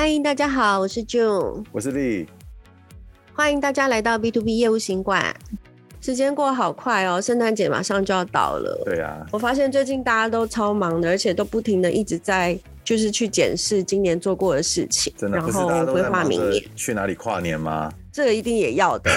歡迎大家好，我是 June，我是 Li。歡迎大家來到 B to B 業務行館。時間過得好快哦，聖誕節馬上就要到了。對啊，我發現最近大家都超忙的，而且都不停的一直在就是去檢視今年做過的事情，真的然後規劃明年去哪裡跨年嗎？這個一定也要的，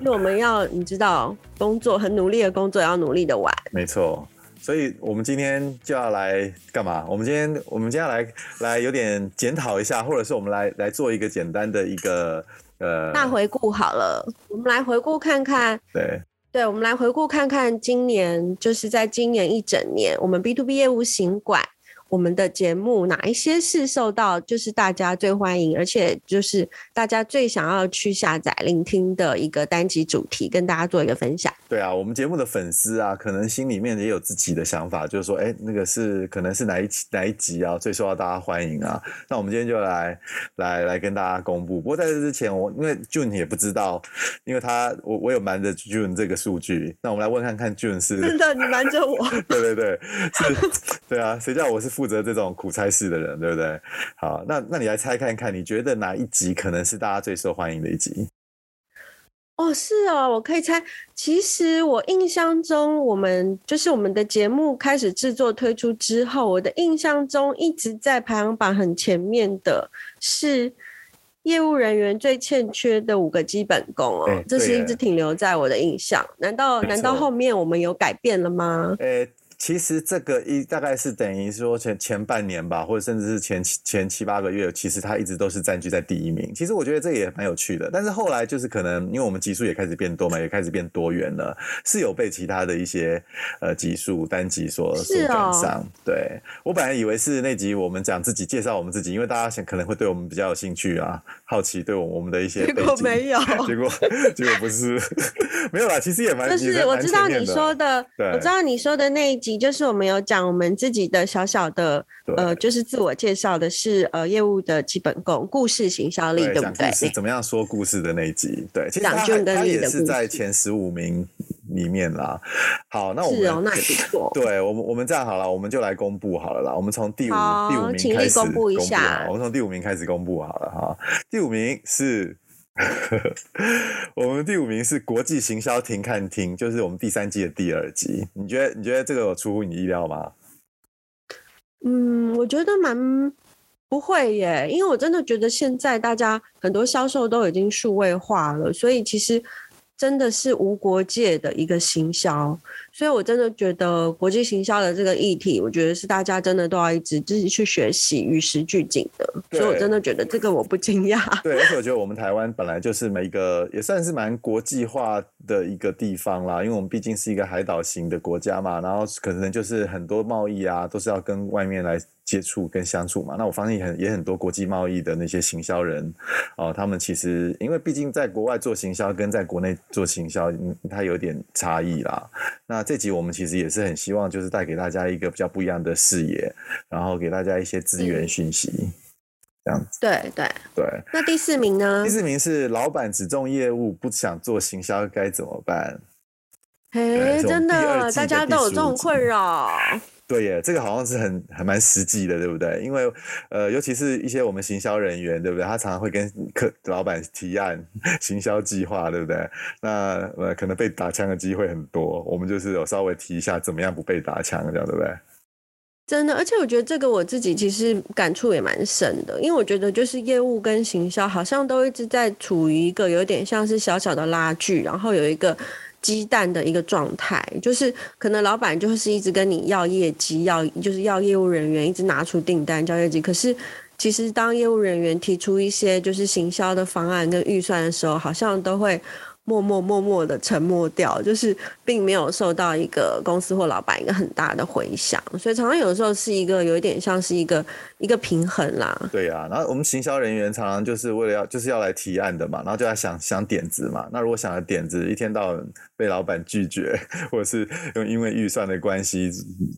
那 我們要你知道，工作很努力的工作，要努力的玩。沒錯。所以我們今天就要來幹嘛？我們今天我們接下來來有點檢討一下， 或者是我們來來做一個簡單的一個呃大回顧好了。我們來回顧看看，對對，我們來回顧看看今年，就是在今年一整年，我們 B to B 業務行館。我們的節目哪一些是受到就是大家最歡迎，而且就是大家最想要去下載聆聽的一個單集主題，跟大家做一個分享。對啊，我們節目的粉絲啊，可能心裡面也有自己的想法，就是說，哎，那個是可能是哪一哪一集啊，最受到大家歡迎啊。那我們今天就來來來跟大家公布。不過在這之前我，我因為 June 也不知道，因為他我我有瞞着 June 這個數據。那我們來問看看，June 是。真的，你瞞着我？ 對對對，是，對啊，誰叫我是。負責這種苦差事的人，對不對？好，那那你來猜看一看，你覺得哪一集可能是大家最受歡迎的一集？哦，是哦，我可以猜。其實我印象中，我們就是我們的節目開始制作推出之後，我的印象中一直在排行榜很前面的是業務人員最欠缺的五個基本功哦。哎啊、這是一直停留在我的印象。難道難道後面我們有改變了嗎？誒、哎。其實這個一大概是等於說前前半年吧，或者甚至是前前七，前七八個月，其實它一直都是佔據在第一名。其實我覺得這也蠻有趣的，但是後來就是可能因為我們集數也開始變多嘛，也開始變多元了，是有被其他的一些呃集數單集所所影響。是喔、對我本來以為是那集我們講自己介紹我們自己，因為大家想可能會對我們比較有興趣啊，好奇對我們我們的一些背景，結果沒有， 結果結果不是 沒有啦。其實也蠻就 蠻是我知道你說的，對我知道你說的那一。就是我們有講我們自己的小小的對呃，就是自我介紹的是呃業務的基本功，故事行銷力，對，對不對？是怎麼樣說故事的那一集？對，講究跟力的故事。他也是在前十五名裡面啦。好，那我們是哦，那也不錯。對，我們我們這樣好了，我們就來公布好了啦。我們從第五好第五名開始公布一下。我們從第五名開始公布好了哈。第五名是。 我們第五名是國際行銷停看聽，就是我們第三季的第二集。你覺得你覺得這個有出乎你意料嗎？嗯，我覺得蠻不會耶，因為我真的覺得現在大家很多銷售都已經數位化了，所以其實。真的是無國界的一個行銷，所以我真的覺得國際行銷的這個議題，我覺得是大家真的都要一直自己去學習，與時俱進的。對所以我真的覺得這個我不驚訝。對，而且我覺得我們台灣本來就是每一個也算是蠻國際化的一個地方啦，因為我們畢竟是一個海島型的國家嘛，然後可能就是很多貿易啊都是要跟外面來接觸跟相處嘛，那我發現也很也很多國際貿易的那些行銷人哦，他們其實因為畢竟在國外做行銷跟在國內做行銷，嗯，它有點差異啦。那這集我們其實也是很希望就是帶給大家一個比較不一樣的視野，然後給大家一些資源訊息，對對、嗯、這樣對。對對那第四名呢？第四名是老板只重業務，不想做行銷該怎麼辦？哎、欸，從真的，的大家都有這種困擾。對耶，這個好像是很很蠻實際的，對不對？因為呃，尤其是一些我們行銷人員，對不對？他常常會跟客老板提案行銷計劃，對不對？那呃，可能被打槍的機會很多。我們就是有稍微提一下，怎麼樣不被打槍，這樣對不對？真的，而且我覺得這個我自己其實感觸也蠻深的，因為我覺得就是業務跟行銷好像都一直在處於一個有點像是小小的拉鋸，然後有一個。雞蛋的一個狀態，就是可能老板就是一直跟你要業績，要就是要業務人員一直拿出訂單交業績。可是，其實當業務人員提出一些就是行銷的方案跟預算的時候，好像都會。默默默默的沉默掉，就是並沒有受到一個公司或老闆一個很大的迴響，所以常常有時候是一個有一點像是一個一個平衡啦。對啊，然後我們行銷人員常常就是為了要就是要來提案的嘛，然後就要想想點子嘛。那如果想了點子一天到晚被老闆拒絕，或者是用因為預算的關係，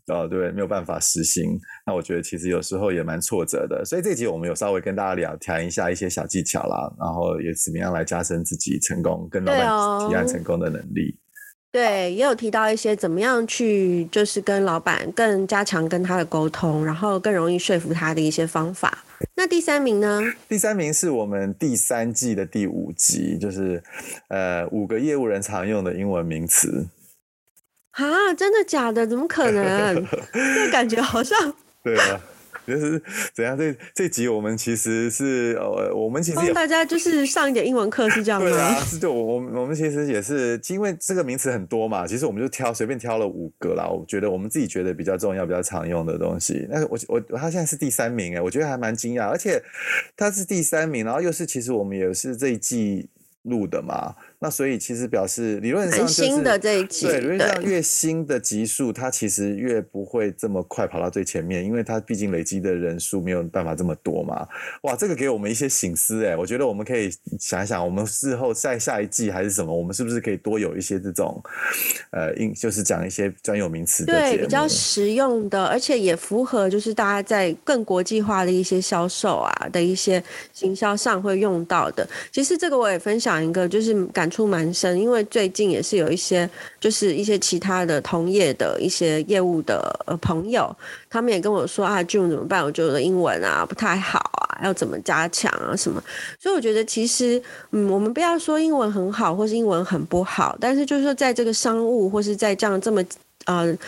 哦，對，沒有辦法實行，那我覺得其實有時候也蠻挫折的。所以這集我們有稍微跟大家聊談一下一些小技巧啦，然後也怎麼樣來加深自己成功跟老闆提案成功的能力，對，也有提到一些怎麼樣去，就是跟老闆更加強跟他的溝通，然後更容易說服他的一些方法。那第三名呢？第三名是我們第三季的第五集，就是，呃，五個業務人常用的英文名詞。啊，真的假的？怎麼可能？這 感覺好像……對啊。 就是怎樣？這這集我們其實是呃，我們其實、哦、幫大家就是上一點英文課是這樣嗎？ 對啊，是我我我們其實也是，因為這個名詞很多嘛，其實我們就挑隨便挑了五個啦。我覺得我們自己覺得比較重要、比較常用的東西。那我我他現在是第三名誒、欸，我覺得還蠻驚訝，而且他是第三名，然後又是其實我們也是這一季錄的嘛。那所以其實表示理論上、就是、新的這一集，對，理論上越新的集數，它其實越不會這麼快跑到最前面，因為它畢竟累積的人數沒有辦法這麼多嘛。哇，這個給我們一些省思哎，我覺得我們可以想一想，我們事後在下一季還是什麼，我們是不是可以多有一些這種，呃，應就是講一些專有名詞，對，比較實用的，而且也符合就是大家在更國際化的一些銷售啊的一些行銷上會用到的。其實這個我也分享一個，就是感出蠻深，因為最近也是有一些，就是一些其他的同業的一些業務的呃朋友，他們也跟我說啊，June 怎麼辦？我覺得我英文啊不太好啊，要怎麼加強啊什麼？所以我覺得其實，嗯，我們不要說英文很好或是英文很不好，但是就是說在這個商務或是在這樣這麼呃。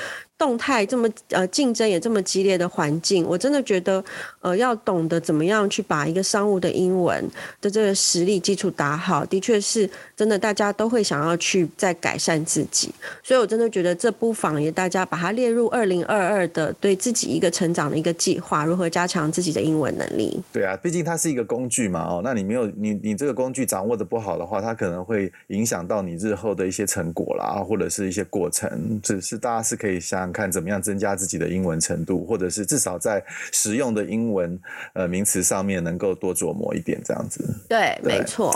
動態這麼呃競爭也這麼激烈的環境，我真的覺得呃要懂得怎麼樣去把一個商務的英文的這個實力基礎打好的，的確是真的，大家都會想要去再改善自己，所以我真的覺得這不妨也大家把它列入二零二二的對自己一個成長的一個計劃，如何加強自己的英文能力？對啊，畢竟它是一個工具嘛哦，那你沒有你你這個工具掌握的不好的話，它可能會影響到你日後的一些成果啦，或者是一些過程，只是，是大家是可以想。看怎麼樣增加自己的英文程度，或者是至少在實用的英文呃名詞上面能夠多琢磨一點，這樣子。對，對沒錯。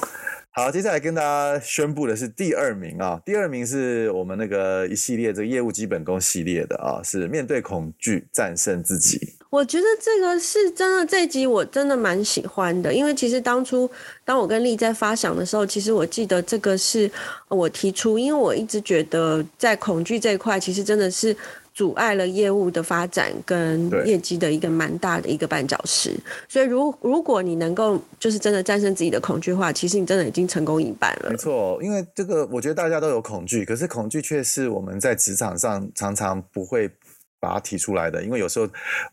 好，接下來跟大家宣布的是第二名啊、哦，第二名是我們那個一系列這個業務基本功系列的啊、哦，是面對恐懼戰勝自己。我覺得這個是真的，這一集我真的蠻喜歡的，因為其實當初當我跟麗在發想的時候，其實我記得這個是我提出，因為我一直覺得在恐懼這一塊，其實真的是。阻礙了業務的發展跟業績的一個蠻大的一個絆腳石，對所以如果如果你能夠就是真的戰勝自己的恐懼的話，其實你真的已經成功一半了。沒錯，因為這個我覺得大家都有恐懼，可是恐懼卻是我們在職場上常常不會。把它提出來的，因為有時候，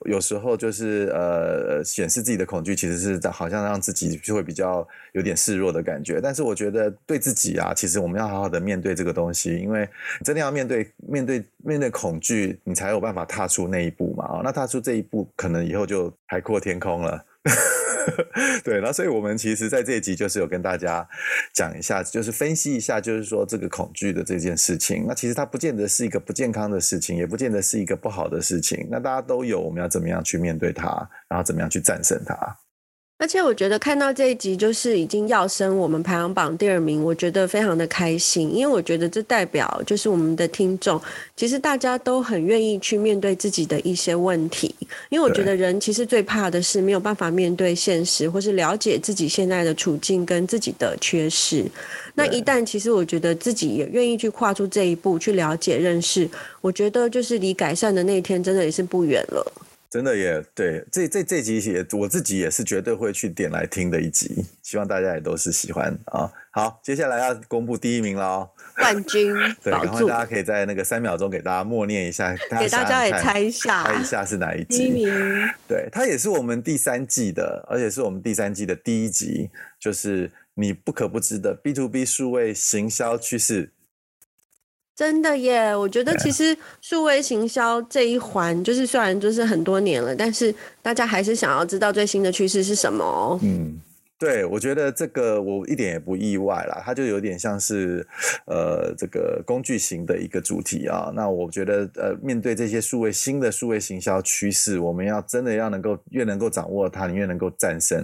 有時候就是呃，顯示自己的恐懼，其實是好像讓自己就會比較有點示弱的感覺。但是我覺得對自己啊，其實我們要好好的面對這個東西，因為真的要面對面對面對恐懼，你才有辦法踏出那一步嘛。啊，那踏出這一步，可能以後就海闊天空了。 對，那所以我們其實，在這一集就是有跟大家講一下，就是分析一下，就是說這個恐懼的這件事情。那其實它不見得是一個不健康的事情，也不見得是一個不好的事情。那大家都有，我們要怎麼樣去面對它，然後怎麼樣去戰勝它。而且我覺得看到這一集，就是已經要升我們排行榜第二名，我覺得非常的開心，因為我覺得這代表就是我們的聽眾，其實大家都很願意去面對自己的一些問題，因為我覺得人其實最怕的是沒有辦法面對現實，或是了解自己現在的處境跟自己的缺失。那一旦其實我覺得自己也願意去跨出這一步，去了解認識，我覺得就是離改善的那一天，真的也是不遠了。真的也對，這這這集也我自己也是絕對會去點來聽的一集，希望大家也都是喜歡啊。好，接下來要公布第一名嘍，冠軍。對，然後大家可以在那個三秒鐘給大家默念一下，大家想看看，給大家也猜一下，猜一下是哪一集。第一名，對，它也是我們第三季的，而且是我們第三季的第一集，就是你不可不知的 B to B 數位行銷趨勢。真的耶，我覺得其實數位行銷這一環，就是雖然就是很多年了，但是大家還是想要知道最新的趨勢是什麼。嗯，對，我覺得這個我一點也不意外啦，它就有點像是呃這個工具型的一個主題啊。那我覺得呃面對這些數位新的數位行銷趨勢，我們要真的要能夠越能夠掌握它，你越能夠戰勝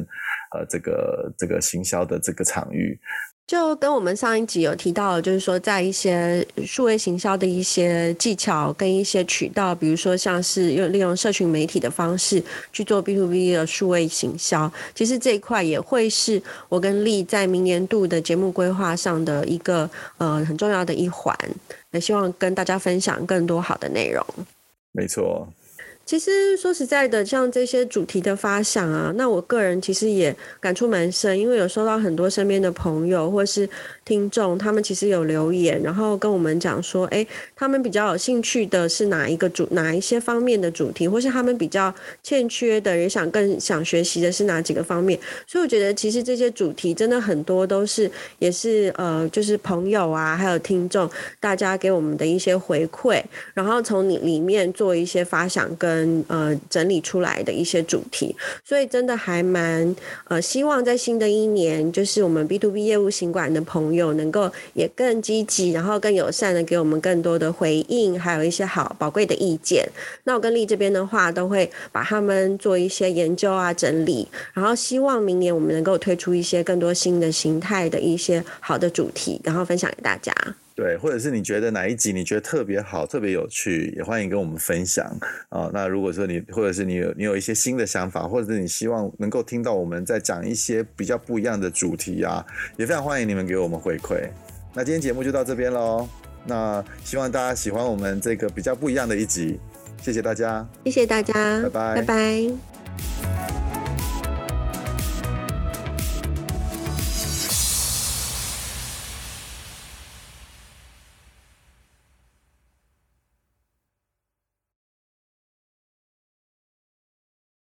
呃這個這個行銷的這個場域。就跟我們上一集有提到，就是說在一些數位行銷的一些技巧跟一些渠道，比如說像是用利用社群媒體的方式去做 B to B 的數位行銷，其實這一塊也會是我跟麗在明年度的節目規劃上的一個、呃、很重要的一環，也希望跟大家分享更多好的內容。沒錯。其實說實在的，像這些主題的發想啊，那我個人其實也感觸蠻深，因為有收到很多身邊的朋友或是聽眾，他們其實有留言，然後跟我們講說，哎、欸，他們比較有興趣的是哪一個主，哪一些方面的主題，或是他們比較欠缺的，也想更想學習的是哪幾個方面。所以我覺得，其實這些主題真的很多都是，也是呃，就是朋友啊，還有聽眾，大家給我們的一些回饋，然後從你裡面做一些發想跟。嗯呃，整理出來的一些主題，所以真的還蠻呃，希望在新的一年，就是我們 B to B 業務行館的朋友能夠也更積極，然後更友善地給我們更多的回應，還有一些好寶貴的意見。那我跟麗這邊的話，都會把他們做一些研究啊、整理，然後希望明年我們能夠推出一些更多新的形態的一些好的主題，然後分享給大家。對，或者是你覺得哪一集你覺得特別好、特別有趣，也歡迎跟我們分享啊、哦。那如果說你或者是你有你有一些新的想法，或者是你希望能夠聽到我們在講一些比較不一樣的主題啊，也非常歡迎你們給我們回饋。那今天節目就到這邊嘍，那希望大家喜歡我們這個比較不一樣的一集，謝謝大家，謝謝大家，拜拜，拜拜。